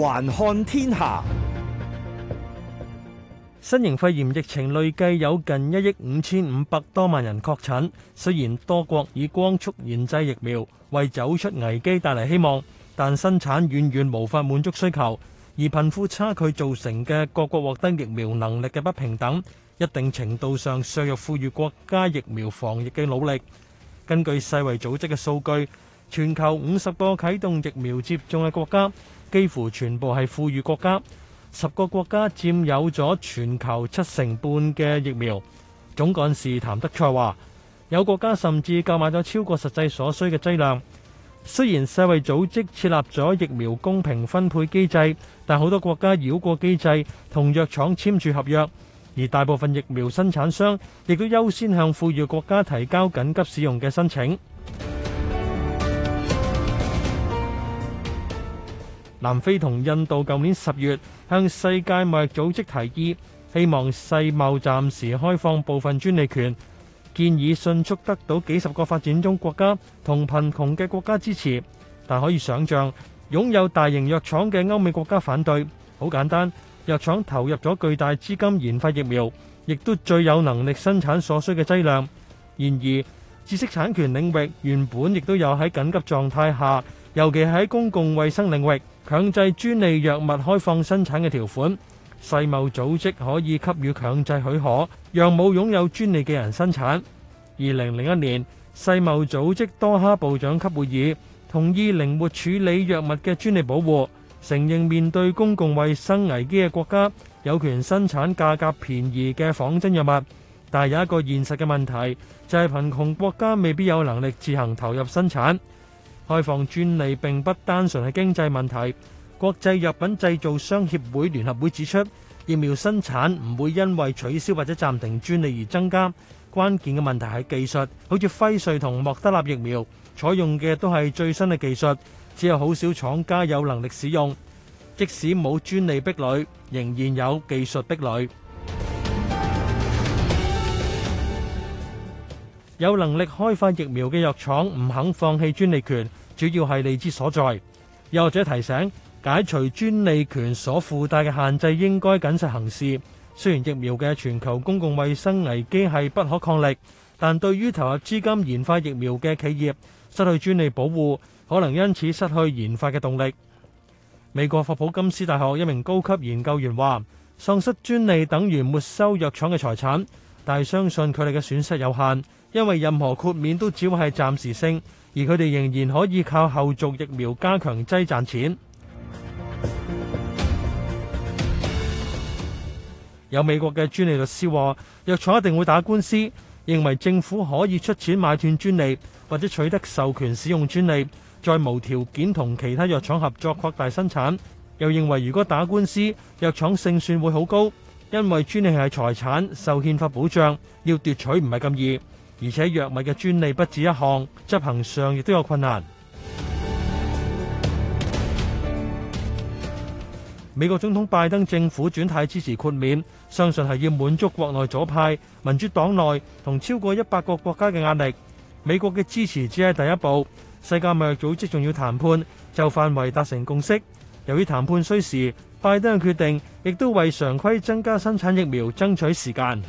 環看天下，新型肺炎疫情累計有近一億五千五百多萬人確診。雖然多國以光速研製疫苗，為走出危機帶嚟希望，但生產遠遠無法滿足需求。而貧富差距造成嘅各國獲得疫苗能力嘅不平等，一定程度上削弱富裕國家疫苗防疫嘅努力。根據世衛組織嘅數據，全球五十個啟動疫苗接種嘅國家，幾乎全部係富裕國家。十個國家佔有咗全球七成半嘅疫苗。總幹事譚德賽話，有國家甚至購買咗超過實際所需嘅劑量。雖然世衛組織設立咗疫苗公平分配機制，但好多國家繞過機制，同藥廠簽署合約，而大部分疫苗生產商亦都優先向富裕國家提交緊急使用嘅申請。南非同印度舊年十月向世界貿易組織提議，希望世貿暫時開放部分專利權，建議迅速得到幾十個發展中國家同貧窮嘅國家支持，但可以想像擁有大型藥廠嘅歐美國家反對。好簡單，藥廠投入咗巨大資金研發疫苗，亦都最有能力生產所需嘅劑量。然而，知識產權領域原本亦都有喺緊急狀態下。尤其喺公共衛生領域，強制專利藥物開放生產嘅條款，世貿組織可以給予強制許可，讓冇擁有專利嘅人生產。二零零一年，世貿組織多哈部長級會議同意靈活處理藥物嘅專利保護，承認面對公共衛生危機嘅國家有權生產價格便宜嘅仿製藥物。但有一個現實嘅問題，就係貧窮國家未必有能力自行投入生產。開放專利並不單純係經濟問題。國際藥品製造商協會聯合會指出，疫苗生產唔會因為取消或者暫停專利而增加。關鍵嘅問題係技術，好似輝瑞同莫德納疫苗採用嘅都係最新嘅技術，只有好少廠家有能力使用。即使冇專利壁壘，仍然有技術壁壘。有能力開發疫苗嘅藥廠唔肯放棄專利權。主要係利之所在。又或者提醒，解除專利權所附帶嘅限制應該謹慎行事。雖然疫苗嘅全球公共衛生危機係不可抗力，但對於投入資金研發疫苗嘅企業，失去專利保護可能因此失去研發嘅動力。美國霍普金斯大學一名高級研究員話：喪失專利等於沒收藥廠嘅財產，但係相信佢哋嘅損失有限，因為任何豁免都只會係暫時性。而佢哋仍然可以靠後續疫苗加強劑賺錢。 有美國嘅專利律師話，藥廠一定會打官司，認為政府可以出錢買斷專利，或者取得授權使用專利，再無條件同其他藥廠合作擴大生產。又認為如果打官司，藥廠勝算會好高，因為專利係財產，受憲法保障，要奪取唔係咁易。而且藥物嘅專利不止一項，執行上亦都有困難。美國總統拜登政府轉態支持豁免，相信係要滿足國內左派、民主黨內同超過一百個國家嘅壓力。美國嘅支持只係第一步，世界貿易組織仲要談判，就範圍達成共識。由於談判需時，拜登決定亦都為常規增加生產疫苗爭取時間。